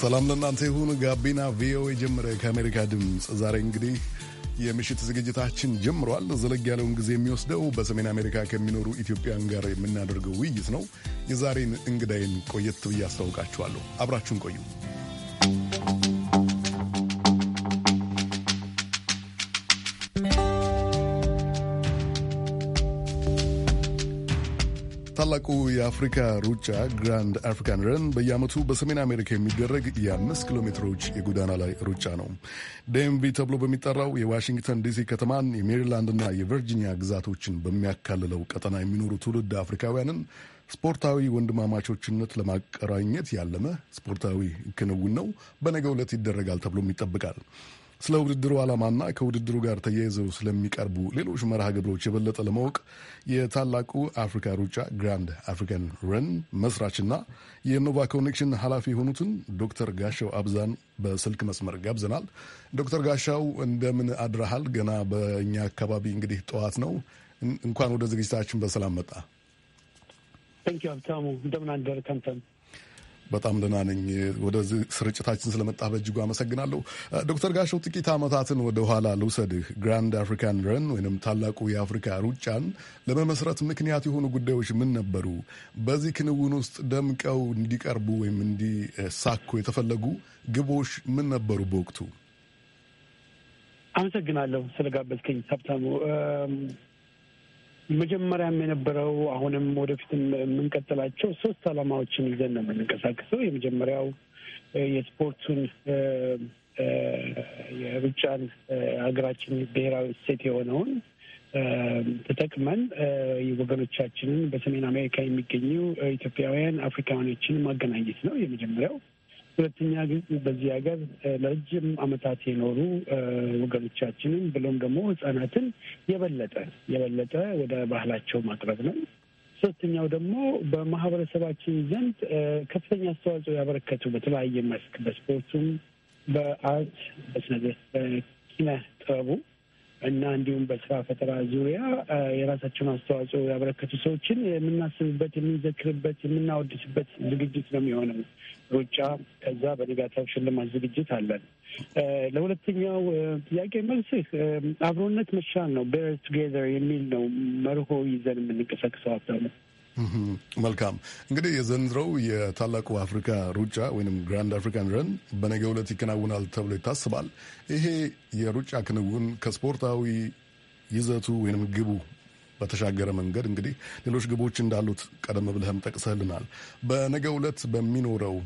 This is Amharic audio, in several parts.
ሰላም ለእናንተ ይሁን። ጋቢና ቪኦኤ ጀመረ ከአሜሪካ ድምፅ። ዛሬ እንግዲህ የምሽት ዝግጅታችን ጀምሯል። ዘለግ ያለውን ጊዜ የሚወስደው በሰሜን አሜሪካ ከሚኖሩ ኢትዮጵያን ጋር የምናደርገው ውይይት ነው። የዛሬን እንግዳይን ቆየት ብዬ አስታውቃችኋለሁ። አብራችሁን ቆዩ። ታላቁ የአፍሪካ ሩጫ ግራንድ አፍሪካን ረን በየዓመቱ በሰሜን አሜሪካ የሚደረግ የአምስት ኪሎ ሜትሮች የጎዳና ላይ ሩጫ ነው። ዴምቪ ተብሎ በሚጠራው የዋሽንግተን ዲሲ ከተማን የሜሪላንድና የቨርጂኒያ ግዛቶችን በሚያካልለው ቀጠና የሚኖሩ ትውልድ አፍሪካውያንን ስፖርታዊ ወንድማማቾችነት ለማቀራኘት ያለመ ስፖርታዊ ክንውን ነው። በነገው ዕለት ይደረጋል ተብሎም ይጠብቃል። ስለ ውድድሩ ዓላማና ከውድድሩ ጋር ተያይዘው ስለሚቀርቡ ሌሎች መርሃ ግብሮች የበለጠ ለማወቅ የታላቁ አፍሪካ ሩጫ ግራንድ አፍሪካን ረን መስራችና የኖቫ ኮኔክሽን ኃላፊ የሆኑትን ዶክተር ጋሻው አብዛን በስልክ መስመር ጋብዘናል። ዶክተር ጋሻው እንደምን አድረሃል? ገና በእኛ አካባቢ እንግዲህ ጠዋት ነው። እንኳን ወደ ዝግጅታችን በሰላም መጣ። ሀብታሙ፣ እንደምን በጣም ደህና ነኝ። ወደዚህ ስርጭታችን ስለመጣህ በእጅጉ አመሰግናለሁ። ዶክተር ጋሸው ጥቂት ዓመታትን ወደ ኋላ ልውሰድህ። ግራንድ አፍሪካን ረን ወይም ታላቁ የአፍሪካ ሩጫን ለመመስረት ምክንያት የሆኑ ጉዳዮች ምን ነበሩ? በዚህ ክንውን ውስጥ ደምቀው እንዲቀርቡ ወይም እንዲሳኩ የተፈለጉ ግቦች ምን ነበሩ በወቅቱ? አመሰግናለሁ ስለጋበዝከኝ ሀብታሙ። መጀመሪያም የነበረው አሁንም ወደፊት የምንቀጥላቸው ሶስት ዓላማዎችን ይዘን ነው የምንንቀሳቀሰው። የመጀመሪያው የስፖርቱን የሩጫን ሀገራችን ብሔራዊ እሴት የሆነውን ተጠቅመን ወገኖቻችንን በሰሜን አሜሪካ የሚገኙ ኢትዮጵያውያን አፍሪካውያኖችን ማገናኘት ነው የመጀመሪያው። ሁለተኛ ግን በዚህ ሀገር ለረጅም ዓመታት የኖሩ ወገኖቻችንን ብሎም ደግሞ ህጻናትን የበለጠ የበለጠ ወደ ባህላቸው ማቅረብ ነው። ሶስተኛው ደግሞ በማህበረሰባችን ዘንድ ከፍተኛ አስተዋጽኦ ያበረከቱ በተለያየ መስክ በስፖርቱም፣ በአርት፣ በስነ ኪነ ጥበቡ እና እንዲሁም በስራ ፈጠራ ዙሪያ የራሳቸውን አስተዋጽኦ ያበረከቱ ሰዎችን የምናስብበት፣ የምንዘክርበት፣ የምናወድስበት ዝግጅት ነው የሚሆነው ሩጫ። ከዛ በንጋታው ሽልማት ዝግጅት አለን። ለሁለተኛው ጥያቄ መልስህ አብሮነት መቻል ነው፣ ቤር ቱጌዘር የሚል ነው መርሆ ይዘን የምንቀሳቀሰው ሀብታሙ መልካም እንግዲህ የዘንድሮው የታላቁ አፍሪካ ሩጫ ወይም ግራንድ አፍሪካን ረን በነገ ዕለት ይከናውናል ተብሎ ይታስባል። ይሄ የሩጫ ክንውን ከስፖርታዊ ይዘቱ ወይም ግቡ በተሻገረ መንገድ እንግዲህ ሌሎች ግቦች እንዳሉት ቀደም ብለህም ጠቅሰህልናል። በነገ ዕለት በሚኖረው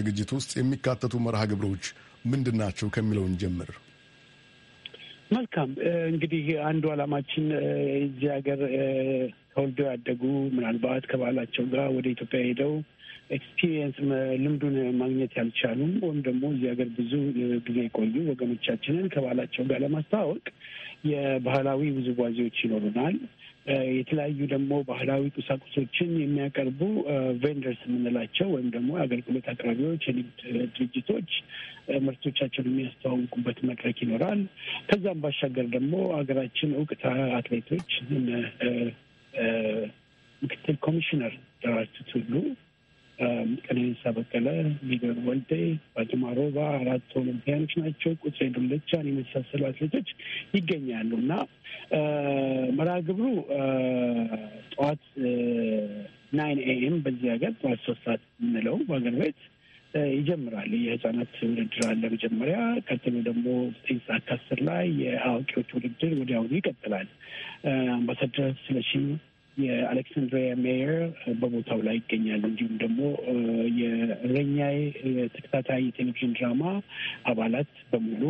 ዝግጅት ውስጥ የሚካተቱ መርሃ ግብሮች ምንድን ናቸው ከሚለውን ጀምር። መልካም እንግዲህ አንዱ ዓላማችን እዚህ ሀገር ተወልደው ያደጉ ምናልባት ከባህላቸው ጋር ወደ ኢትዮጵያ ሄደው ኤክስፒሪየንስ ልምዱን ማግኘት ያልቻሉም ወይም ደግሞ እዚህ ሀገር ብዙ ጊዜ የቆዩ ወገኖቻችንን ከባህላቸው ጋር ለማስተዋወቅ የባህላዊ ውዝዋዜዎች ይኖሩናል። የተለያዩ ደግሞ ባህላዊ ቁሳቁሶችን የሚያቀርቡ ቬንደርስ የምንላቸው ወይም ደግሞ የአገልግሎት አቅራቢዎች፣ የንግድ ድርጅቶች ምርቶቻቸውን የሚያስተዋውቁበት መድረክ ይኖራል። ከዛም ባሻገር ደግሞ ሀገራችን እውቅት አትሌቶች ምክትል ኮሚሽነር ደራርቱ ቱሉ፣ ቀነኒሳ በቀለ፣ ሚደር ወልዴ፣ ባጅማ ሮባ አራት ኦሎምፒያኖች ናቸው። ቁጽሬ ዱለቻን የመሳሰሉ አትሌቶች ይገኛሉ እና መርሃ ግብሩ ጠዋት ናይን ኤኤም በዚህ ሀገር ጠዋት ሶስት ሰዓት የምንለው በሀገር ቤት ይጀምራል። የህጻናት ውድድር አለ መጀመሪያ። ቀጥሎ ደግሞ ዘጠኝ ሰዓት ከአስር ላይ የአዋቂዎች ውድድር ወዲያውኑ ይቀጥላል። አምባሳደር ስለሺ የአሌክሳንድሪያ ሜየር በቦታው ላይ ይገኛል። እንዲሁም ደግሞ የእረኛዬ ተከታታይ የቴሌቪዥን ድራማ አባላት በሙሉ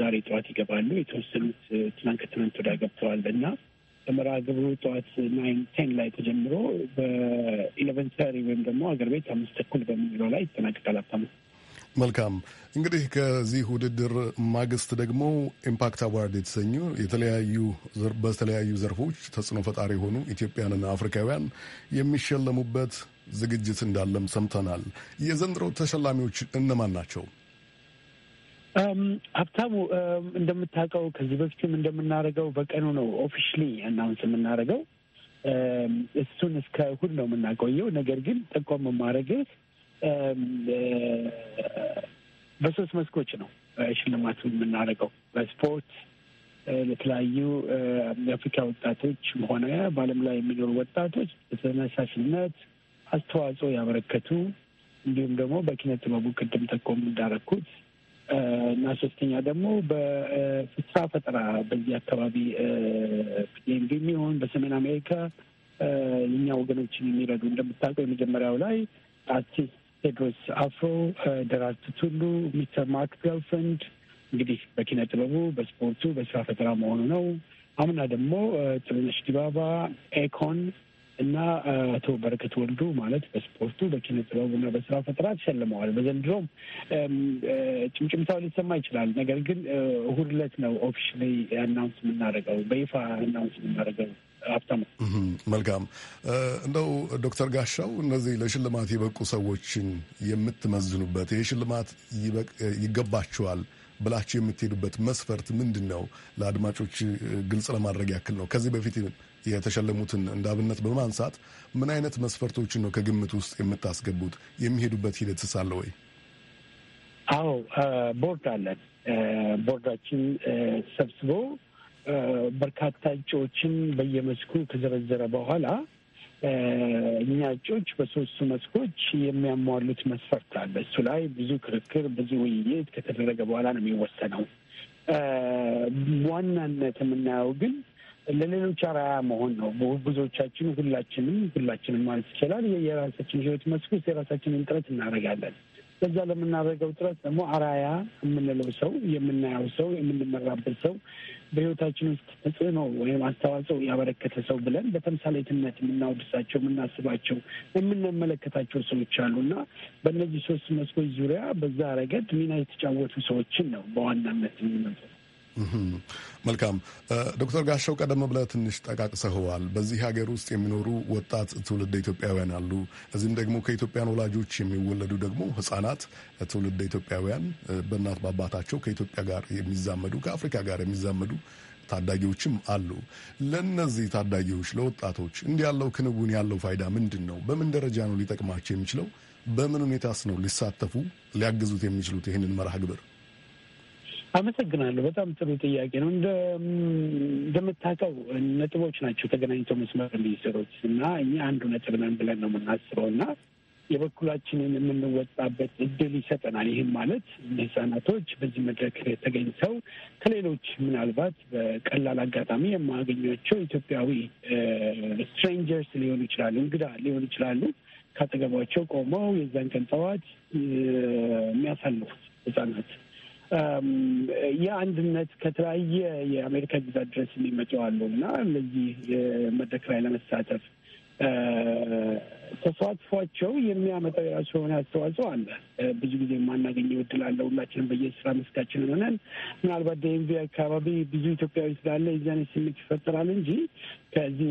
ዛሬ ጠዋት ይገባሉ። የተወሰኑት ትናንት ከትናንት ወዲያ ገብተዋል እና መርሃ ግብሩ ጠዋት ናይን ቴን ላይ ተጀምሮ በኢለቨን ተሪ ወይም ደግሞ አገር ቤት አምስት ተኩል በሚለው ላይ ይጠናቀቃል። አታሙ መልካም እንግዲህ ከዚህ ውድድር ማግስት ደግሞ ኢምፓክት አዋርድ የተሰኙ የተለያዩ በተለያዩ ዘርፎች ተጽዕኖ ፈጣሪ የሆኑ ኢትዮጵያንና አፍሪካውያን የሚሸለሙበት ዝግጅት እንዳለም ሰምተናል። የዘንድሮ ተሸላሚዎች እነማን ናቸው? ሀብታሙ እንደምታውቀው ከዚህ በፊትም እንደምናደርገው በቀኑ ነው ኦፊሽሊ አናውንስ የምናደርገው። እሱን እስከ እሁድ ነው የምናቆየው። ነገር ግን ጠቆም የማደርግህ በሶስት መስኮች ነው ሽልማቱ የምናደርገው በስፖርት ለተለያዩ የአፍሪካ ወጣቶች ሆነ በዓለም ላይ የሚኖሩ ወጣቶች በተነሳሽነት አስተዋጽኦ ያበረከቱ እንዲሁም ደግሞ በኪነ ጥበቡ ቅድም ጠቆም እንዳረኩት እና ሶስተኛ ደግሞ በስራ ፈጠራ በዚህ አካባቢ የሚሆን በሰሜን አሜሪካ የኛ ወገኖችን የሚረዱ እንደምታውቀው የመጀመሪያው ላይ አርቲስት ቴድሮስ አፍሮ፣ ደራርቱ ቱሉ፣ ሚስተር ማርክ ገልፍንድ እንግዲህ በኪነ ጥበቡ በስፖርቱ በስራ ፈጠራ መሆኑ ነው። አምና ደግሞ ጥሩነሽ ዲባባ ኤኮን እና አቶ በረከት ወልዱ ማለት በስፖርቱ በኪነ ጥበቡና በስራ ፈጠራ ተሸልመዋል። በዘንድሮም ጭምጭምታው ሊሰማ ይችላል። ነገር ግን እሁድ ዕለት ነው ኦፊሻሊ አናውንስ የምናደርገው በይፋ አናውንስ የምናደርገው። ሀብታሙ መልካም። እንደው ዶክተር ጋሻው እነዚህ ለሽልማት የበቁ ሰዎችን የምትመዝኑበት ይህ ሽልማት ይገባቸዋል ብላችሁ የምትሄዱበት መስፈርት ምንድን ነው? ለአድማጮች ግልጽ ለማድረግ ያክል ነው። ከዚህ በፊት የተሸለሙትን እንዳብነት በማንሳት ምን አይነት መስፈርቶችን ነው ከግምት ውስጥ የምታስገቡት? የሚሄዱበት ሂደት ስሳለ ወይ? አዎ ቦርድ አለን። ቦርዳችን ሰብስቦ በርካታ እጩዎችን በየመስኩ ከዘረዘረ በኋላ እኛ እጩዎች በሶስቱ መስኮች የሚያሟሉት መስፈርት አለ። እሱ ላይ ብዙ ክርክር፣ ብዙ ውይይት ከተደረገ በኋላ ነው የሚወሰነው። ዋናነት የምናየው ግን ለሌሎች አርአያ መሆን ነው። ብዙዎቻችን ሁላችንም ሁላችንም ማለት ይችላል የራሳችን ህይወት መስኩ ውስጥ የራሳችንን ጥረት እናደርጋለን። በዛ ለምናደርገው ጥረት ደግሞ አርአያ የምንለው ሰው፣ የምናየው ሰው፣ የምንመራበት ሰው፣ በህይወታችን ውስጥ ተጽዕኖ ወይም አስተዋጽኦ ያበረከተ ሰው ብለን በተምሳሌትነት የምናወድሳቸው የምናስባቸው፣ የምንመለከታቸው ሰዎች አሉ እና በእነዚህ ሶስት መስኮች ዙሪያ በዛ ረገድ ሚና የተጫወቱ ሰዎችን ነው በዋናነት የሚመጡ መልካም ዶክተር ጋሻው ቀደም ብለ ትንሽ ጠቃቅሰኸዋል። በዚህ ሀገር ውስጥ የሚኖሩ ወጣት ትውልደ ኢትዮጵያውያን አሉ። እዚህም ደግሞ ከኢትዮጵያን ወላጆች የሚወለዱ ደግሞ ህጻናት ትውልደ ኢትዮጵያውያን በእናት በአባታቸው ከኢትዮጵያ ጋር የሚዛመዱ ከአፍሪካ ጋር የሚዛመዱ ታዳጊዎችም አሉ። ለእነዚህ ታዳጊዎች ለወጣቶች እንዲህ ያለው ክንውን ያለው ፋይዳ ምንድን ነው? በምን ደረጃ ነው ሊጠቅማቸው የሚችለው? በምን ሁኔታስ ነው ሊሳተፉ ሊያግዙት የሚችሉት ይህንን መርሃ ግብር? አመሰግናለሁ። በጣም ጥሩ ጥያቄ ነው። እንደምታውቀው ነጥቦች ናቸው ተገናኝተው መስመር ሚኒስትሮች እና እኛ አንዱ ነጥብ ነን ብለን ነው የምናስበው እና የበኩላችንን የምንወጣበት እድል ይሰጠናል። ይህም ማለት ህጻናቶች በዚህ መድረክ ተገኝተው ከሌሎች ምናልባት በቀላል አጋጣሚ የማገኛቸው ኢትዮጵያዊ ስትሬንጀርስ ሊሆኑ ይችላሉ፣ እንግዳ ሊሆኑ ይችላሉ። ካጠገቧቸው ቆመው የዛን ቀን ጠዋት የሚያሳልፉት ህጻናት አንድነት ከተለያየ የአሜሪካ ግዛት ድረስ የሚመጡ አሉ እና እነዚህ መድረክ ላይ ለመሳተፍ ተሳትፏቸው የሚያመጣው የራሱ የሆነ አስተዋጽኦ አለ። ብዙ ጊዜ የማናገኘው እድል አለ። ሁላችንም በየስራ መስካችን ሆነን ምናልባት ደኤምቪ አካባቢ ብዙ ኢትዮጵያዊ ስላለ የዚያን ስሜት ይፈጠራል እንጂ ከዚህ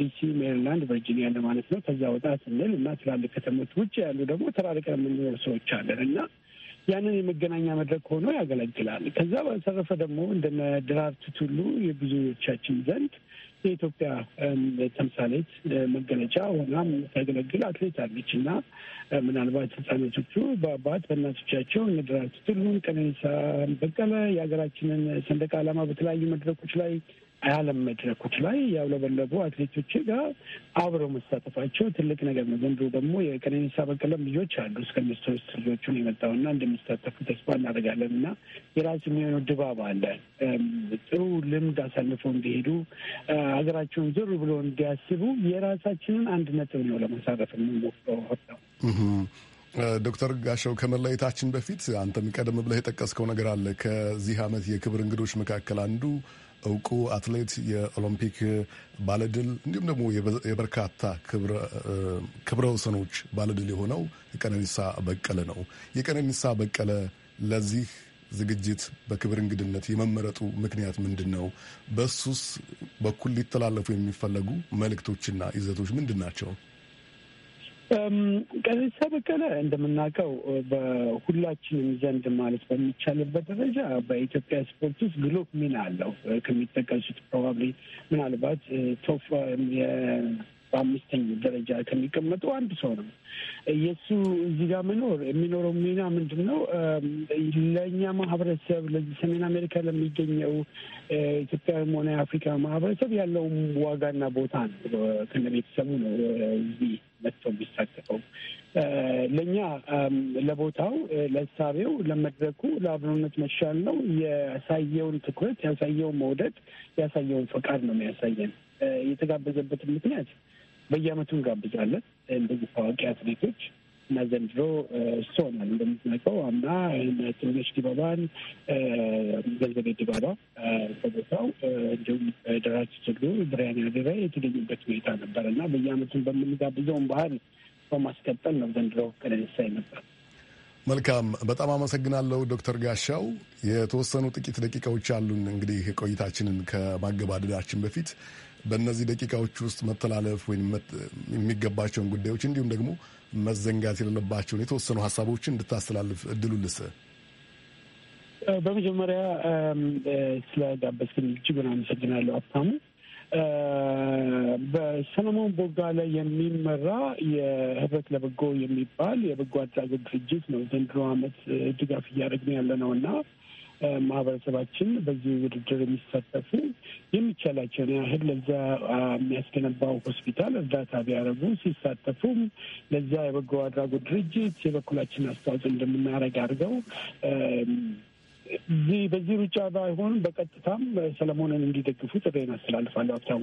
ዲሲ፣ ሜሪላንድ፣ ቨርጂኒያ ለማለት ነው ከዛ ወጣ ስንል እና ትላልቅ ከተሞች ውጭ ያሉ ደግሞ ተራርቀን የምንኖር ሰዎች አለን እና ያንን የመገናኛ መድረክ ሆኖ ያገለግላል። ከዛ በተረፈ ደግሞ እንደነ ድራርት ቱሉ የብዙዎቻችን ዘንድ የኢትዮጵያ ተምሳሌት መገለጫ ሆናም ታገለግል አትሌት አለች እና ምናልባት ሕጻናቶቹ በአባት በእናቶቻቸው እነ ደራርቱ ቱሉን፣ ቀነኒሳ በቀለ የሀገራችንን ሰንደቅ ዓላማ በተለያዩ መድረኮች ላይ የዓለም መድረኮች ላይ ያውለበለቡ አትሌቶች ጋር አብረው መሳተፋቸው ትልቅ ነገር ነው። ዘንድሮ ደግሞ የቀነኒሳ በቀለም ልጆች አሉ እስከ እስከሚስተወስ ልጆቹን የመጣው የመጣውና እንደሚሳተፉ ተስፋ እናደርጋለን እና የራሱ የሚሆኑ ድባብ አለ። ጥሩ ልምድ አሳልፈው እንዲሄዱ ሀገራቸውን ዞር ብሎ እንዲያስቡ የራሳችንን አንድ ነጥብ ነው ለመሳረፍ የምንሞክረው ዶክተር ጋሻው ከመለየታችን በፊት አንተም ቀደም ብለህ የጠቀስከው ነገር አለ። ከዚህ ዓመት የክብር እንግዶች መካከል አንዱ እውቁ አትሌት የኦሎምፒክ ባለድል እንዲሁም ደግሞ የበርካታ ክብረ ወሰኖች ባለድል የሆነው ቀነኒሳ በቀለ ነው። የቀነኒሳ በቀለ ለዚህ ዝግጅት በክብር እንግድነት የመመረጡ ምክንያት ምንድን ነው? በሱስ በኩል ሊተላለፉ የሚፈለጉ መልእክቶችና ይዘቶች ምንድን ናቸው? ቀነኒሳ በቀለ እንደምናውቀው በሁላችንም ዘንድ ማለት በሚቻልበት ደረጃ በኢትዮጵያ ስፖርት ውስጥ ግሎብ ሚና አለው። ከሚጠቀሱት ፕሮባብሊ ምናልባት ቶፍ በአምስተኛ ደረጃ ከሚቀመጡ አንድ ሰው ነው። የእሱ እዚህ ጋር መኖር የሚኖረው ሚና ምንድን ነው? ለእኛ ማህበረሰብ ለዚህ ሰሜን አሜሪካ ለሚገኘው ኢትዮጵያም ሆነ የአፍሪካ ማህበረሰብ ያለውም ዋጋና ቦታ ነው። ከነቤተሰቡ ነው እዚህ መጥቶ የሚሳተፈው። ለእኛ ለቦታው፣ ለእሳቤው፣ ለመድረኩ፣ ለአብሮነት መሻል ነው ያሳየውን ትኩረት፣ ያሳየውን መውደድ፣ ያሳየውን ፈቃድ ነው የሚያሳየን የተጋበዘበትን ምክንያት በየአመቱ እንጋብዛለን እንደዚህ ታዋቂ አትሌቶች እና ዘንድሮ ሶናል እንደምትናቀው አምና ጥሩነሽ ዲባባን፣ በዘገ ዲባባ በቦታው እንዲሁም ደራች ችግሩ ብሪያን ያደረ የተገኙበት ሁኔታ ነበር እና በየአመቱን በምንጋብዘውን ባህል በማስቀጠል ነው ዘንድሮ ቀነኒሳ ነበር። መልካም፣ በጣም አመሰግናለሁ ዶክተር ጋሻው። የተወሰኑ ጥቂት ደቂቃዎች አሉን እንግዲህ ቆይታችንን ከማገባደዳችን በፊት በእነዚህ ደቂቃዎች ውስጥ መተላለፍ ወይም የሚገባቸውን ጉዳዮች እንዲሁም ደግሞ መዘንጋት የሌለባቸውን የተወሰኑ ሀሳቦችን እንድታስተላልፍ እድሉ ልስህ። በመጀመሪያ ስለጋበዝክን እጅጉን አመሰግናለሁ ሀብታሙ። በሰለሞን ቦጋ ላይ የሚመራ የህብረት ለበጎ የሚባል የበጎ አድራጎት ድርጅት ነው ዘንድሮ አመት ድጋፍ እያደረግን ያለ ነው እና ማህበረሰባችን በዚህ ውድድር የሚሳተፉ የሚቻላቸውን ያህል ለዛ የሚያስገነባው ሆስፒታል እርዳታ ቢያደርጉ ሲሳተፉም ለዛ የበጎ አድራጎት ድርጅት የበኩላችን አስተዋጽኦ እንደምናደርግ አድርገው በዚህ ሩጫ ባይሆን በቀጥታም ሰለሞንን እንዲደግፉ ጥሪ አስተላልፋለሁ። ሀብታሙ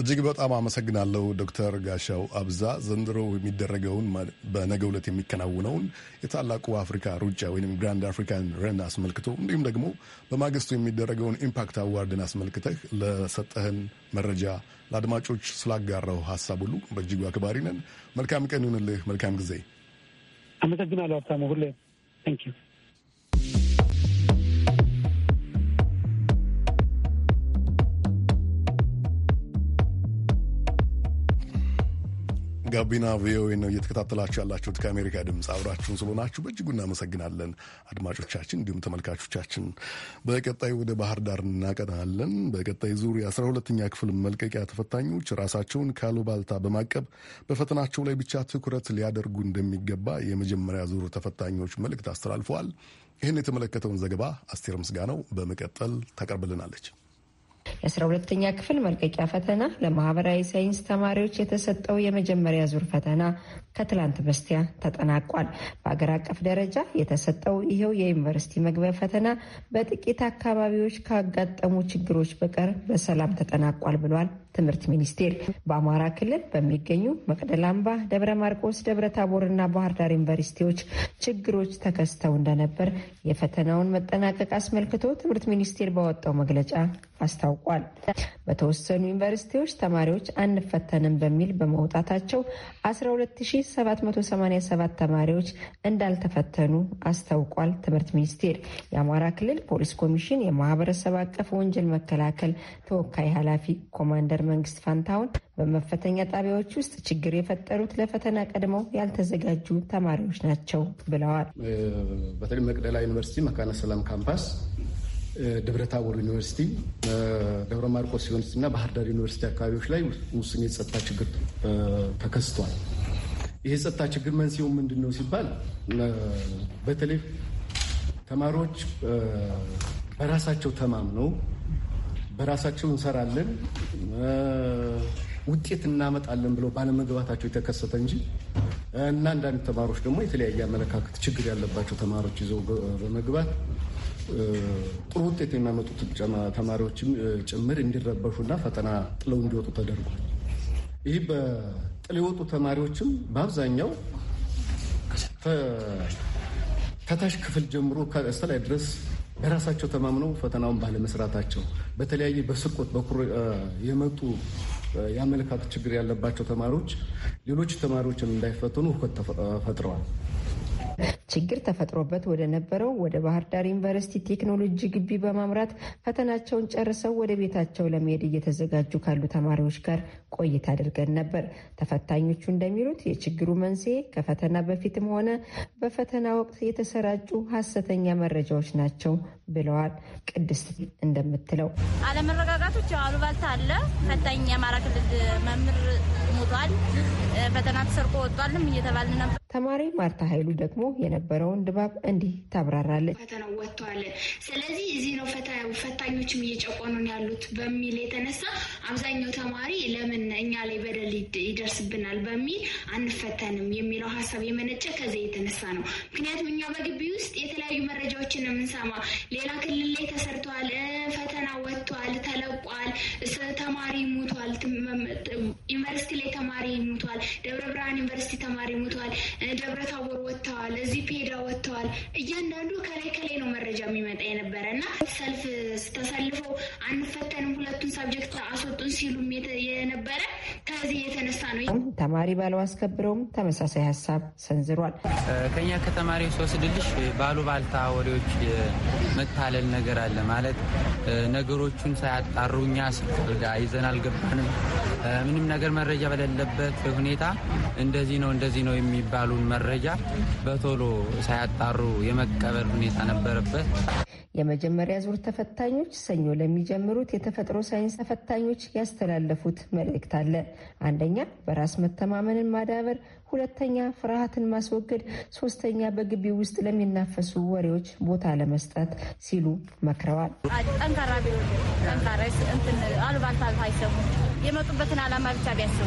እጅግ በጣም አመሰግናለሁ ዶክተር ጋሻው አብዛ። ዘንድሮ የሚደረገውን በነገ ዕለት የሚከናውነውን የታላቁ አፍሪካ ሩጫ ወይም ግራንድ አፍሪካን ረን አስመልክቶ እንዲሁም ደግሞ በማግስቱ የሚደረገውን ኢምፓክት አዋርድን አስመልክተህ ለሰጠህን መረጃ ለአድማጮች ስላጋራው ሀሳብ ሁሉ በእጅጉ አክባሪ ነን። መልካም ቀን ይሁንልህ። መልካም ጊዜ። አመሰግናለሁ ሀብታሙ ሁሌ ጋቢና ቪኦኤ ነው እየተከታተላችሁ ያላችሁት። ከአሜሪካ ድምፅ አብራችሁን ስለሆናችሁ በእጅጉ እናመሰግናለን አድማጮቻችን፣ እንዲሁም ተመልካቾቻችን። በቀጣይ ወደ ባህር ዳር እናቀናለን። በቀጣይ ዙር የአስራ ሁለተኛ ክፍል መልቀቂያ ተፈታኞች ራሳቸውን ካሉባልታ በማቀብ በፈተናቸው ላይ ብቻ ትኩረት ሊያደርጉ እንደሚገባ የመጀመሪያ ዙር ተፈታኞች መልእክት አስተላልፈዋል። ይህን የተመለከተውን ዘገባ አስቴር ምስጋናው በመቀጠል ታቀርብልናለች። የአስራ ሁለተኛ ክፍል መልቀቂያ ፈተና ለማህበራዊ ሳይንስ ተማሪዎች የተሰጠው የመጀመሪያ ዙር ፈተና ከትላንት በስቲያ ተጠናቋል። በአገር አቀፍ ደረጃ የተሰጠው ይኸው የዩኒቨርሲቲ መግቢያ ፈተና በጥቂት አካባቢዎች ካጋጠሙ ችግሮች በቀር በሰላም ተጠናቋል ብሏል ትምህርት ሚኒስቴር። በአማራ ክልል በሚገኙ መቅደላ አምባ፣ ደብረ ማርቆስ፣ ደብረ ታቦርና ባህር ዳር ዩኒቨርሲቲዎች ችግሮች ተከስተው እንደነበር የፈተናውን መጠናቀቅ አስመልክቶ ትምህርት ሚኒስቴር ባወጣው መግለጫ አስታውቋል። በተወሰኑ ዩኒቨርሲቲዎች ተማሪዎች አንፈተንም በሚል በመውጣታቸው 12 787 ተማሪዎች እንዳልተፈተኑ አስታውቋል። ትምህርት ሚኒስቴር የአማራ ክልል ፖሊስ ኮሚሽን የማህበረሰብ አቀፍ ወንጀል መከላከል ተወካይ ኃላፊ ኮማንደር መንግስት ፋንታውን በመፈተኛ ጣቢያዎች ውስጥ ችግር የፈጠሩት ለፈተና ቀድመው ያልተዘጋጁ ተማሪዎች ናቸው ብለዋል። በተለይ መቅደላ ዩኒቨርሲቲ መካነ ሰላም ካምፓስ ደብረ ዩኒቨርሲቲ፣ ደብረ ማርቆስ ዩኒቨርሲቲ እና ባህር ዳር ዩኒቨርሲቲ አካባቢዎች ላይ ውስን የጸጥታ ችግር ተከስቷል። ይህ ጸጥታ ችግር መንስኤው ምንድን ነው ሲባል በተለይ ተማሪዎች በራሳቸው ተማምነው በራሳቸው እንሰራለን ውጤት እናመጣለን ብለው ባለመግባታቸው የተከሰተ እንጂ እና አንዳንድ ተማሪዎች ደግሞ የተለያየ አመለካከት ችግር ያለባቸው ተማሪዎች ይዘው በመግባት ጥሩ ውጤት የሚያመጡት ተማሪዎችም ጭምር እንዲረበሹና ፈተና ጥለው እንዲወጡ ተደርጓል። ይህ ተፈናቅለው የወጡ ተማሪዎችም በአብዛኛው ከታች ክፍል ጀምሮ ከስተላይ ድረስ በራሳቸው ተማምነው ፈተናውን ባለመስራታቸው በተለያየ በስርቆት በኩር የመጡ የአመለካከት ችግር ያለባቸው ተማሪዎች ሌሎች ተማሪዎችን እንዳይፈተኑ ሁከት ፈጥረዋል። ችግር ተፈጥሮበት ወደ ነበረው ወደ ባህር ዳር ዩኒቨርሲቲ ቴክኖሎጂ ግቢ በማምራት ፈተናቸውን ጨርሰው ወደ ቤታቸው ለመሄድ እየተዘጋጁ ካሉ ተማሪዎች ጋር ቆይታ አድርገን ነበር። ተፈታኞቹ እንደሚሉት የችግሩ መንስኤ ከፈተና በፊትም ሆነ በፈተና ወቅት የተሰራጩ ሀሰተኛ መረጃዎች ናቸው ብለዋል። ቅድስት እንደምትለው አለመረጋጋቶች አሉባልታ አለ። ፈታኝ የአማራ ክልል መምህር ሞቷል፣ ፈተና ተሰርቆ ወጥቷልም እየተባልን ነበር። ተማሪ ማርታ ኃይሉ ደግሞ የነበረውን ድባብ እንዲህ ታብራራለች። ፈተናው ወጥቷል፣ ስለዚህ እዚህ ነው ፈታኞችም እየጨቆኑን ያሉት በሚል የተነሳ አብዛኛው ተማሪ ለምን እኛ ላይ በደል ይደርስብናል በሚል አንፈተንም የሚለው ሀሳብ የመነጨ ከዚ የተነሳ ነው። ምክንያቱም እኛ በግቢ ውስጥ የተለያዩ መረጃዎችን የምንሰማ ሌላ ክልል ላይ ተሰርተዋል፣ ፈተና ወጥቷል፣ ተለቋል፣ ተማሪ ሙቷል፣ ዩኒቨርሲቲ ላይ ተማሪ ሙቷል ደብረ ብርሃን ዩኒቨርሲቲ ተማሪ ሞቷል፣ ደብረ ታቦር ወጥተዋል፣ እዚህ ፔዳ ወጥተዋል። እያንዳንዱ ከላይ ከላይ ነው መረጃ የሚመጣ የነበረ እና ሰልፍ ተሰልፈው አንፈ ከተማሪ ባለው አስከብረውም ተመሳሳይ ሀሳብ ሰንዝሯል። ከኛ ከተማሪ ባሉ ባልታ ወሬዎች መታለል ነገር አለ ማለት ነገሮቹን ሳያጣሩ እኛ ስልጋ ይዘን አልገባንም ምንም ነገር መረጃ በሌለበት ሁኔታ እንደዚህ ነው እንደዚህ ነው የሚባሉን መረጃ በቶሎ ሳያጣሩ የመቀበል ሁኔታ ነበረበት። የመጀመሪያ ዙር ተፈታኞች ሰኞ ለሚጀምሩት የተፈጥሮ ሳይንስ ተፈታኞች ያስተላለፉት መልእክት አለ። አንደኛ በራስ መታ መተማመንን ማዳበር፣ ሁለተኛ ፍርሃትን ማስወገድ፣ ሶስተኛ በግቢ ውስጥ ለሚናፈሱ ወሬዎች ቦታ ለመስጠት ሲሉ መክረዋል። ጠንካራ ቢሆን ጠንካራ አሉባልታ አይሰሙ የመጡበትን አላማ ብቻ ቢያስቡ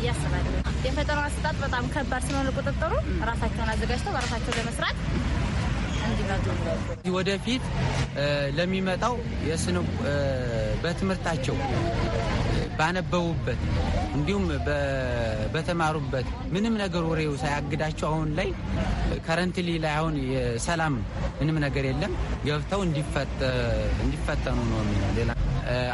እያስባለ የፈጠራ አሰጣጥ በጣም ከባድ ስለሆነ ቁጥጥሩ ራሳቸውን አዘጋጅተው በራሳቸው ለመስራት ወደፊት ለሚመጣው የስነ በትምህርታቸው ባነበቡበት እንዲሁም በተማሩበት ምንም ነገር ወሬው ሳያግዳቸው አሁን ላይ ከረንትሊ ላይ አሁን የሰላም ምንም ነገር የለም ገብተው እንዲፈተኑ ነው ሌላ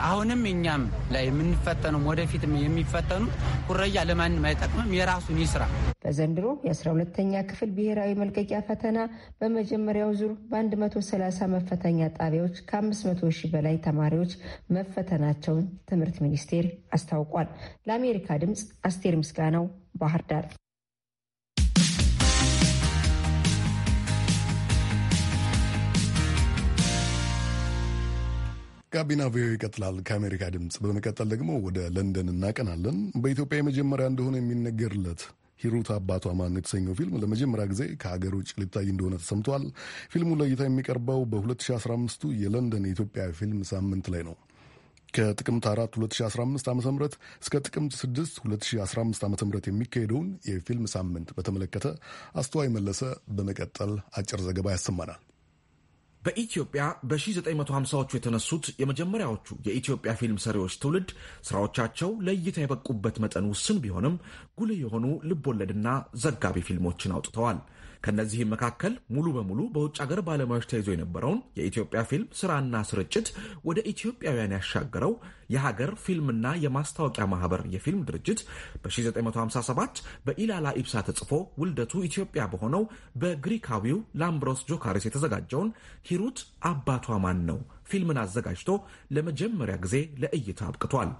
አሁንም እኛም ላይ የምንፈተኑም ወደፊትም የሚፈተኑ ኩረያ ለማንም አይጠቅምም፣ የራሱን ይስራ። በዘንድሮ የ12ተኛ ክፍል ብሔራዊ መልቀቂያ ፈተና በመጀመሪያው ዙር በ130 መፈተኛ ጣቢያዎች ከ500 ሺህ በላይ ተማሪዎች መፈተናቸውን ትምህርት ሚኒስቴር አስታውቋል። ለአሜሪካ ድምፅ አስቴር ምስጋናው ባህር ዳር ጋቢና ቪኦኤ ይቀጥላል። ከአሜሪካ ድምፅ በመቀጠል ደግሞ ወደ ለንደን እናቀናለን። በኢትዮጵያ የመጀመሪያ እንደሆነ የሚነገርለት ሂሩት አባቷ ማን የተሰኘው ፊልም ለመጀመሪያ ጊዜ ከሀገር ውጭ ሊታይ እንደሆነ ተሰምቷል። ፊልሙ ለእይታ የሚቀርበው በ 2015 የለንደን የኢትዮጵያ ፊልም ሳምንት ላይ ነው። ከጥቅምት 4 2015 ዓ ም እስከ ጥቅምት 6 2015 ዓ ም የሚካሄደውን የፊልም ሳምንት በተመለከተ አስተዋይ መለሰ በመቀጠል አጭር ዘገባ ያሰማናል። በኢትዮጵያ በ1950ዎቹ የተነሱት የመጀመሪያዎቹ የኢትዮጵያ ፊልም ሰሪዎች ትውልድ ስራዎቻቸው ለእይታ የበቁበት መጠን ውስን ቢሆንም ጉልህ የሆኑ ልቦለድና ዘጋቢ ፊልሞችን አውጥተዋል። ከእነዚህም መካከል ሙሉ በሙሉ በውጭ ሀገር ባለሙያዎች ተይዞ የነበረውን የኢትዮጵያ ፊልም ስራና ስርጭት ወደ ኢትዮጵያውያን ያሻገረው የሀገር ፊልምና የማስታወቂያ ማህበር የፊልም ድርጅት በ1957 በኢላላ ኢብሳ ተጽፎ ውልደቱ ኢትዮጵያ በሆነው በግሪካዊው ላምብሮስ ጆካሪስ የተዘጋጀውን ሂሩት አባቷ ማን ነው ፊልምን አዘጋጅቶ ለመጀመሪያ ጊዜ ለእይታ አብቅቷል።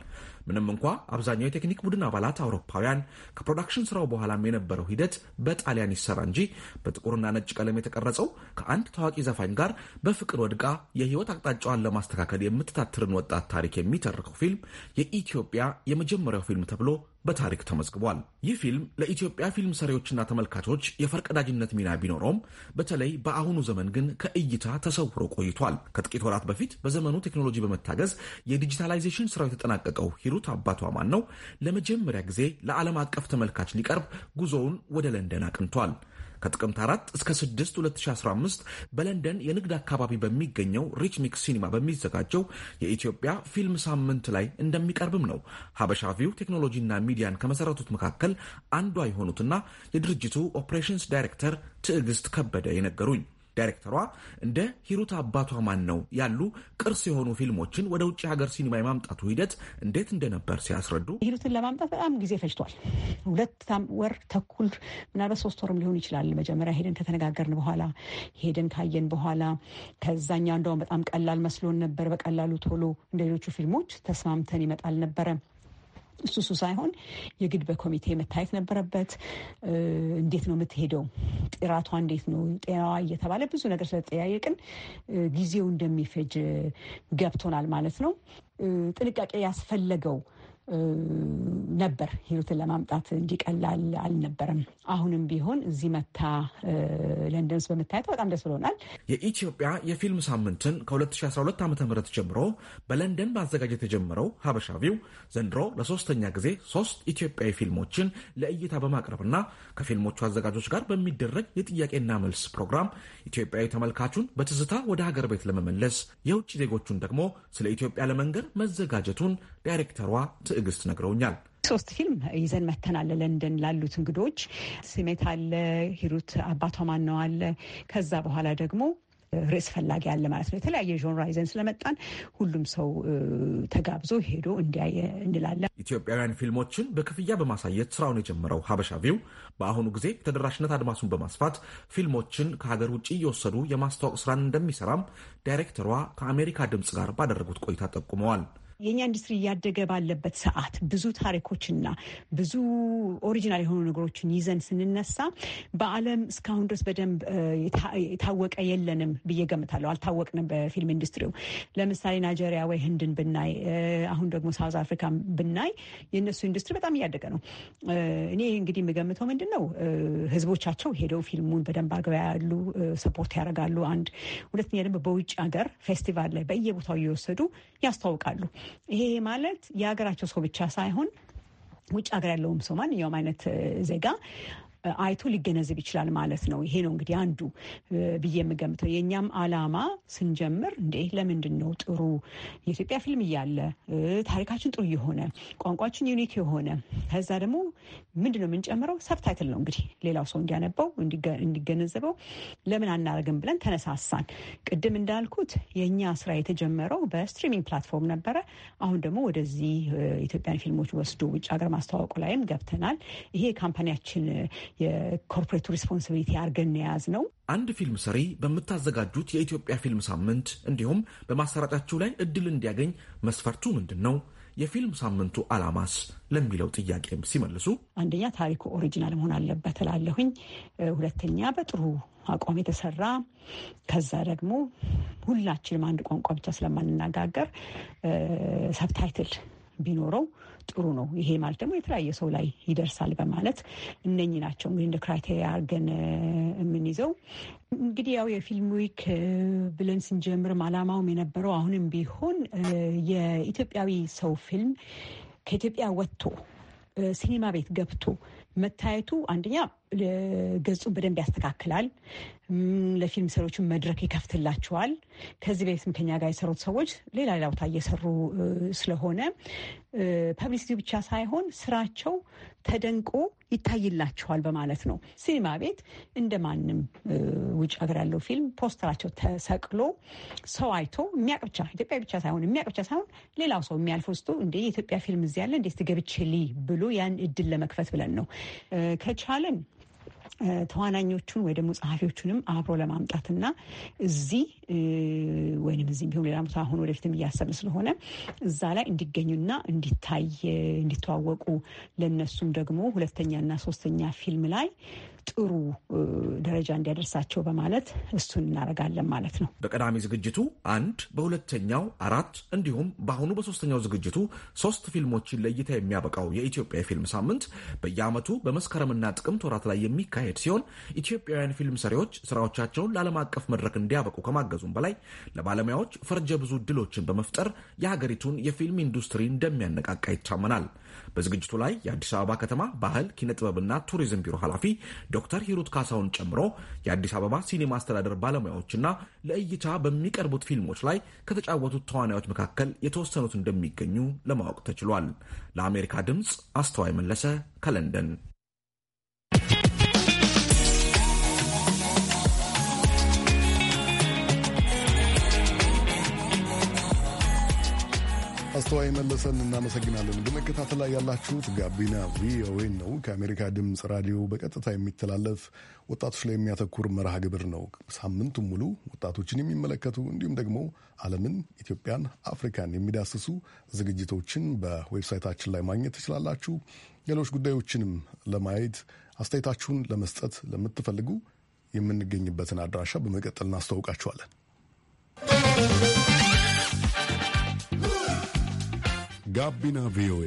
ምንም እንኳ አብዛኛው የቴክኒክ ቡድን አባላት አውሮፓውያን ከፕሮዳክሽን ስራው በኋላም የነበረው ሂደት በጣሊያን ይሰራ እንጂ በጥቁርና ነጭ ቀለም የተቀረጸው ከአንድ ታዋቂ ዘፋኝ ጋር በፍቅር ወድቃ የህይወት አቅጣጫዋን ለማስተካከል የምትታትርን ወጣት ታሪክ የሚተርከው ፊልም የኢትዮጵያ የመጀመሪያው ፊልም ተብሎ በታሪክ ተመዝግቧል። ይህ ፊልም ለኢትዮጵያ ፊልም ሰሪዎችና ተመልካቾች የፈርቀዳጅነት ሚና ቢኖረውም በተለይ በአሁኑ ዘመን ግን ከእይታ ተሰውሮ ቆይቷል። ከጥቂት ወራት በፊት በዘመኑ ቴክኖሎጂ በመታገዝ የዲጂታላይዜሽን ስራው የተጠናቀቀው ሂሩት አባቷ ማን ነው ለመጀመሪያ ጊዜ ለዓለም አቀፍ ተመልካች ሊቀርብ ጉዞውን ወደ ለንደን አቅንቷል። ከጥቅምት 4 እስከ 6 2015 በለንደን የንግድ አካባቢ በሚገኘው ሪች ሚክስ ሲኒማ በሚዘጋጀው የኢትዮጵያ ፊልም ሳምንት ላይ እንደሚቀርብም ነው ሀበሻ ቪው ቴክኖሎጂና ሚዲያን ከመሰረቱት መካከል አንዷ የሆኑትና የድርጅቱ ኦፕሬሽንስ ዳይሬክተር ትዕግስት ከበደ የነገሩኝ። ዳይሬክተሯ እንደ ሂሩት አባቷ ማን ነው ያሉ ቅርስ የሆኑ ፊልሞችን ወደ ውጭ ሀገር ሲኒማ የማምጣቱ ሂደት እንዴት እንደነበር ሲያስረዱ ሂሩትን ለማምጣት በጣም ጊዜ ፈጅቷል። ሁለት ወር ተኩል ምናልባት ሶስት ወርም ሊሆን ይችላል። መጀመሪያ ሄደን ከተነጋገርን በኋላ ሄደን ካየን በኋላ ከዛኛ እንደውም በጣም ቀላል መስሎን ነበር። በቀላሉ ቶሎ እንደሌሎቹ ፊልሞች ተስማምተን ይመጣል ነበረ እሱ እሱ ሳይሆን የግድ በኮሚቴ መታየት ነበረበት። እንዴት ነው የምትሄደው፣ ጥራቷ እንዴት ነው፣ ጤናዋ እየተባለ ብዙ ነገር ስለተጠያየቅን ጊዜው እንደሚፈጅ ገብቶናል ማለት ነው። ጥንቃቄ ያስፈለገው ነበር ህይወትን ለማምጣት እንዲቀላል አልነበረም። አሁንም ቢሆን እዚህ መታ ለንደን ውስጥ በመታየቷ በጣም ደስ ብሎናል። የኢትዮጵያ የፊልም ሳምንትን ከ2012 ዓ ም ጀምሮ በለንደን ማዘጋጀት የተጀመረው ሀበሻቪው ዘንድሮ ለሶስተኛ ጊዜ ሶስት ኢትዮጵያዊ ፊልሞችን ለእይታ በማቅረብና ከፊልሞቹ አዘጋጆች ጋር በሚደረግ የጥያቄና መልስ ፕሮግራም ኢትዮጵያዊ ተመልካቹን በትዝታ ወደ ሀገር ቤት ለመመለስ የውጭ ዜጎቹን ደግሞ ስለ ኢትዮጵያ ለመንገር መዘጋጀቱን ዳይሬክተሯ ትዕግስት ነግረውኛል። ሶስት ፊልም ይዘን መተናል። ለንደን ላሉት እንግዶች ስሜት አለ፣ ሂሩት አባቷ ነው አለ፣ ከዛ በኋላ ደግሞ ርዕስ ፈላጊ አለ ማለት ነው። የተለያየ ዦንራ ይዘን ስለመጣን ሁሉም ሰው ተጋብዞ ሄዶ እንዲያየ እንላለን። ኢትዮጵያውያን ፊልሞችን በክፍያ በማሳየት ስራውን የጀመረው ሀበሻ ቪው በአሁኑ ጊዜ ተደራሽነት አድማሱን በማስፋት ፊልሞችን ከሀገር ውጭ እየወሰዱ የማስታወቅ ስራን እንደሚሰራም ዳይሬክተሯ ከአሜሪካ ድምፅ ጋር ባደረጉት ቆይታ ጠቁመዋል። የእኛ ኢንዱስትሪ እያደገ ባለበት ሰዓት ብዙ ታሪኮችና ብዙ ኦሪጂናል የሆኑ ነገሮችን ይዘን ስንነሳ በዓለም እስካሁን ድረስ በደንብ የታወቀ የለንም ብዬ ገምታለሁ። አልታወቅንም በፊልም ኢንዱስትሪው። ለምሳሌ ናይጄሪያ ወይ ህንድን ብናይ፣ አሁን ደግሞ ሳውዝ አፍሪካ ብናይ የእነሱ ኢንዱስትሪ በጣም እያደገ ነው። እኔ እንግዲህ የምገምተው ምንድን ነው ህዝቦቻቸው ሄደው ፊልሙን በደንብ አግባ ያሉ ሰፖርት ያደርጋሉ። አንድ ሁለተኛ ደግሞ በውጭ ሀገር ፌስቲቫል ላይ በየቦታው እየወሰዱ ያስተዋውቃሉ። ይሄ ማለት የሀገራቸው ሰው ብቻ ሳይሆን ውጭ ሀገር ያለውም ሰው ማንኛውም አይነት ዜጋ አይቶ ሊገነዘብ ይችላል ማለት ነው። ይሄ ነው እንግዲህ አንዱ ብዬ የምገምተው የእኛም አላማ ስንጀምር እንዴ ለምንድን ነው ጥሩ የኢትዮጵያ ፊልም እያለ ታሪካችን ጥሩ የሆነ ቋንቋችን ዩኒክ የሆነ ከዛ ደግሞ ምንድን ነው የምንጨምረው? ሰብታይትል ነው እንግዲህ ሌላው ሰው እንዲያነባው እንዲገነዘበው ለምን አናደርግም ብለን ተነሳሳን። ቅድም እንዳልኩት የእኛ ስራ የተጀመረው በስትሪሚንግ ፕላትፎርም ነበረ። አሁን ደግሞ ወደዚህ ኢትዮጵያን ፊልሞች ወስዶ ውጭ ሀገር ማስተዋወቁ ላይም ገብተናል። ይሄ ካምፓኒያችን የኮርፖሬቱ ሪስፖንሲቢሊቲ አድርገን የያዝ ነው። አንድ ፊልም ሰሪ በምታዘጋጁት የኢትዮጵያ ፊልም ሳምንት እንዲሁም በማሰራጫቸው ላይ እድል እንዲያገኝ መስፈርቱ ምንድን ነው? የፊልም ሳምንቱ አላማስ ለሚለው ጥያቄ ሲመልሱ አንደኛ ታሪኩ ኦሪጂናል መሆን አለበት እላለሁኝ። ሁለተኛ በጥሩ አቋም የተሰራ ከዛ ደግሞ ሁላችንም አንድ ቋንቋ ብቻ ስለማንነጋገር ሰብታይትል ቢኖረው ጥሩ ነው፣ ይሄ ማለት ደግሞ የተለያየ ሰው ላይ ይደርሳል በማለት እነኚህ ናቸው እንግዲህ እንደ ክራይቴሪያ አድርገን የምንይዘው። እንግዲህ ያው የፊልም ዊክ ብለን ስንጀምርም አላማውም የነበረው አሁንም ቢሆን የኢትዮጵያዊ ሰው ፊልም ከኢትዮጵያ ወጥቶ ሲኒማ ቤት ገብቶ መታየቱ አንደኛ ገጹን በደንብ ያስተካክላል። ለፊልም ሰሪዎችን መድረክ ይከፍትላቸዋል። ከዚህ በፊትም ከኛ ጋር የሰሩት ሰዎች ሌላ ሌላ ቦታ እየሰሩ ስለሆነ ፐብሊሲቲ ብቻ ሳይሆን ስራቸው ተደንቆ ይታይላቸዋል በማለት ነው። ሲኒማ ቤት እንደ ማንም ውጭ ሀገር ያለው ፊልም ፖስተራቸው ተሰቅሎ ሰው አይቶ የሚያቅ ብቻ ኢትዮጵያ ብቻ ሳይሆን የሚያቅ ብቻ ሳይሆን ሌላው ሰው የሚያልፍ ውስጡ እንደ የኢትዮጵያ ፊልም እዚህ ያለ እንዴት ትገብችሊ ብሎ ያን እድል ለመክፈት ብለን ነው ከቻለን ተዋናኞቹን ወይ ደግሞ ጸሐፊዎቹንም አብሮ ለማምጣትና እዚህ ወይም እዚህ ቢሆን ሌላ ቦታ አሁን ወደፊትም እያሰብን ስለሆነ እዛ ላይ እንዲገኙና እንዲታይ እንዲተዋወቁ ለነሱም ደግሞ ሁለተኛና ሶስተኛ ፊልም ላይ ጥሩ ደረጃ እንዲያደርሳቸው በማለት እሱን እናደርጋለን ማለት ነው። በቀዳሚ ዝግጅቱ አንድ፣ በሁለተኛው አራት እንዲሁም በአሁኑ በሶስተኛው ዝግጅቱ ሶስት ፊልሞችን ለእይታ የሚያበቃው የኢትዮጵያ የፊልም ሳምንት በየዓመቱ በመስከረምና ጥቅምት ወራት ላይ የሚካሄድ ሲሆን ኢትዮጵያውያን ፊልም ሰሪዎች ስራዎቻቸውን ለዓለም አቀፍ መድረክ እንዲያበቁ ከማገዙም በላይ ለባለሙያዎች ፈርጀ ብዙ እድሎችን በመፍጠር የሀገሪቱን የፊልም ኢንዱስትሪ እንደሚያነቃቃ ይታመናል። በዝግጅቱ ላይ የአዲስ አበባ ከተማ ባህል ኪነ ጥበብና ቱሪዝም ቢሮ ኃላፊ ዶክተር ሂሩት ካሳውን ጨምሮ የአዲስ አበባ ሲኒማ አስተዳደር ባለሙያዎችና ለእይታ በሚቀርቡት ፊልሞች ላይ ከተጫወቱት ተዋናዮች መካከል የተወሰኑት እንደሚገኙ ለማወቅ ተችሏል። ለአሜሪካ ድምፅ አስተዋይ መለሰ ከለንደን አስተዋይ መለሰን እናመሰግናለን። በመከታተል ላይ ያላችሁት ጋቢና ቪኦኤ ነው። ከአሜሪካ ድምፅ ራዲዮ በቀጥታ የሚተላለፍ ወጣቶች ላይ የሚያተኩር መርሃ ግብር ነው። ሳምንቱ ሙሉ ወጣቶችን የሚመለከቱ እንዲሁም ደግሞ ዓለምን፣ ኢትዮጵያን፣ አፍሪካን የሚዳስሱ ዝግጅቶችን በዌብሳይታችን ላይ ማግኘት ትችላላችሁ። ሌሎች ጉዳዮችንም ለማየት አስተያየታችሁን ለመስጠት ለምትፈልጉ የምንገኝበትን አድራሻ በመቀጠል እናስተዋውቃችኋለን። ጋቢና ቪኦኤ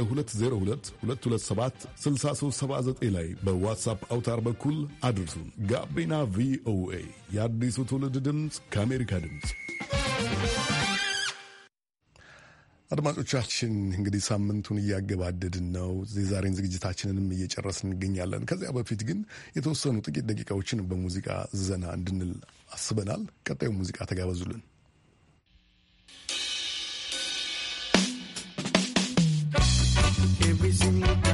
በ2022276379 ላይ በዋትሳፕ አውታር በኩል አድርሱን። ጋቢና ቪኦኤ የአዲሱ ትውልድ ድምፅ ከአሜሪካ ድምፅ አድማጮቻችን እንግዲህ ሳምንቱን እያገባደድን ነው። የዛሬን ዝግጅታችንንም እየጨረስ እንገኛለን። ከዚያ በፊት ግን የተወሰኑ ጥቂት ደቂቃዎችን በሙዚቃ ዘና እንድንል አስበናል። ቀጣዩ ሙዚቃ ተጋበዙልን። every single day.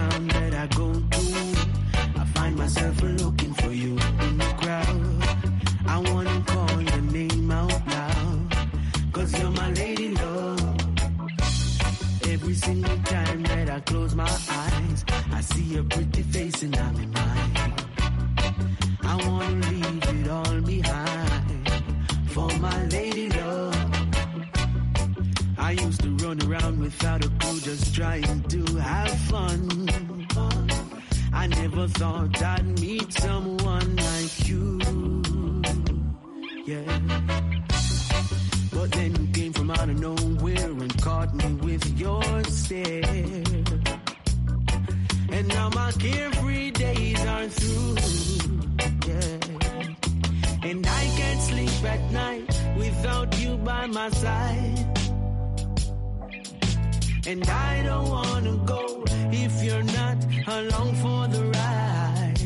And I don't wanna go if you're not along for the ride.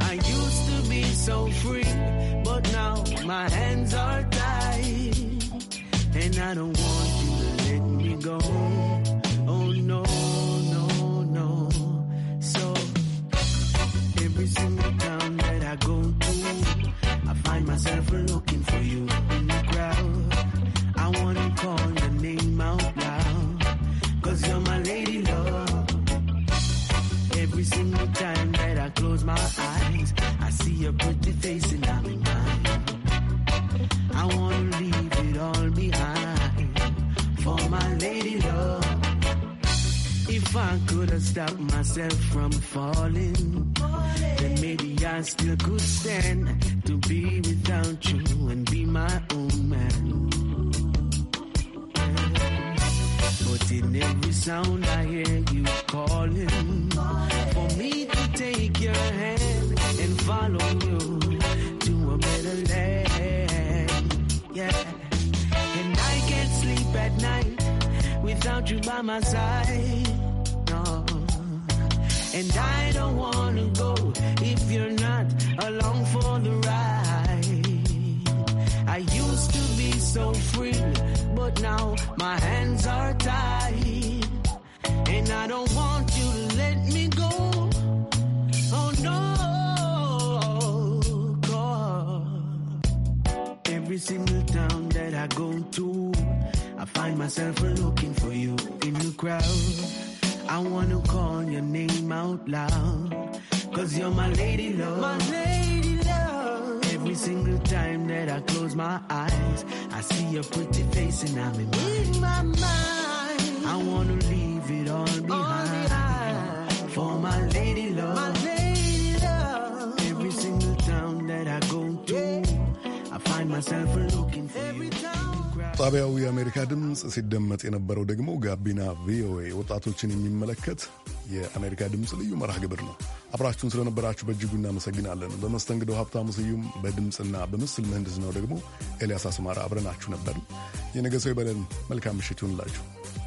I used to be so free, but now my hands are tied. And I don't want you to let me go. Oh no, no, no. So every single town that I go to, I find myself looking for you in the crowd. I wanna call your name single time that I close my eyes, I see your pretty face and I'm in mine. I wanna leave it all behind for my lady love. If I could have stopped myself from falling, then maybe I still could stand to be without you and be my own man. But in every sound I hear you calling. follow you to a better land. Yeah. And I can't sleep at night without you by my side. No. And I don't wanna go if you're not along for the ride. I used to be so free, but now my hands are tied. And I don't want you to let me go. every single town that I go to, I find myself looking for you in the crowd. I wanna call your name out loud, cause you're my lady love. My lady love. Every single time that I close my eyes, I see your pretty face and I'm in, in my mind. I wanna leave it all behind, all behind. for my lady love. My ጣቢያው የአሜሪካ ድምፅ ሲደመጥ የነበረው ደግሞ ጋቢና ቪኦኤ ወጣቶችን የሚመለከት የአሜሪካ ድምፅ ልዩ መርሃ ግብር ነው። አብራችሁን ስለነበራችሁ በእጅጉ እናመሰግናለን። በመስተንግዶ ሀብታሙ ስዩም፣ በድምፅና በምስል ምህንድስ ነው ደግሞ ኤልያስ አስማራ አብረናችሁ ነበር። የነገ ሰው ይበለን። መልካም ምሽት ይሁንላችሁ።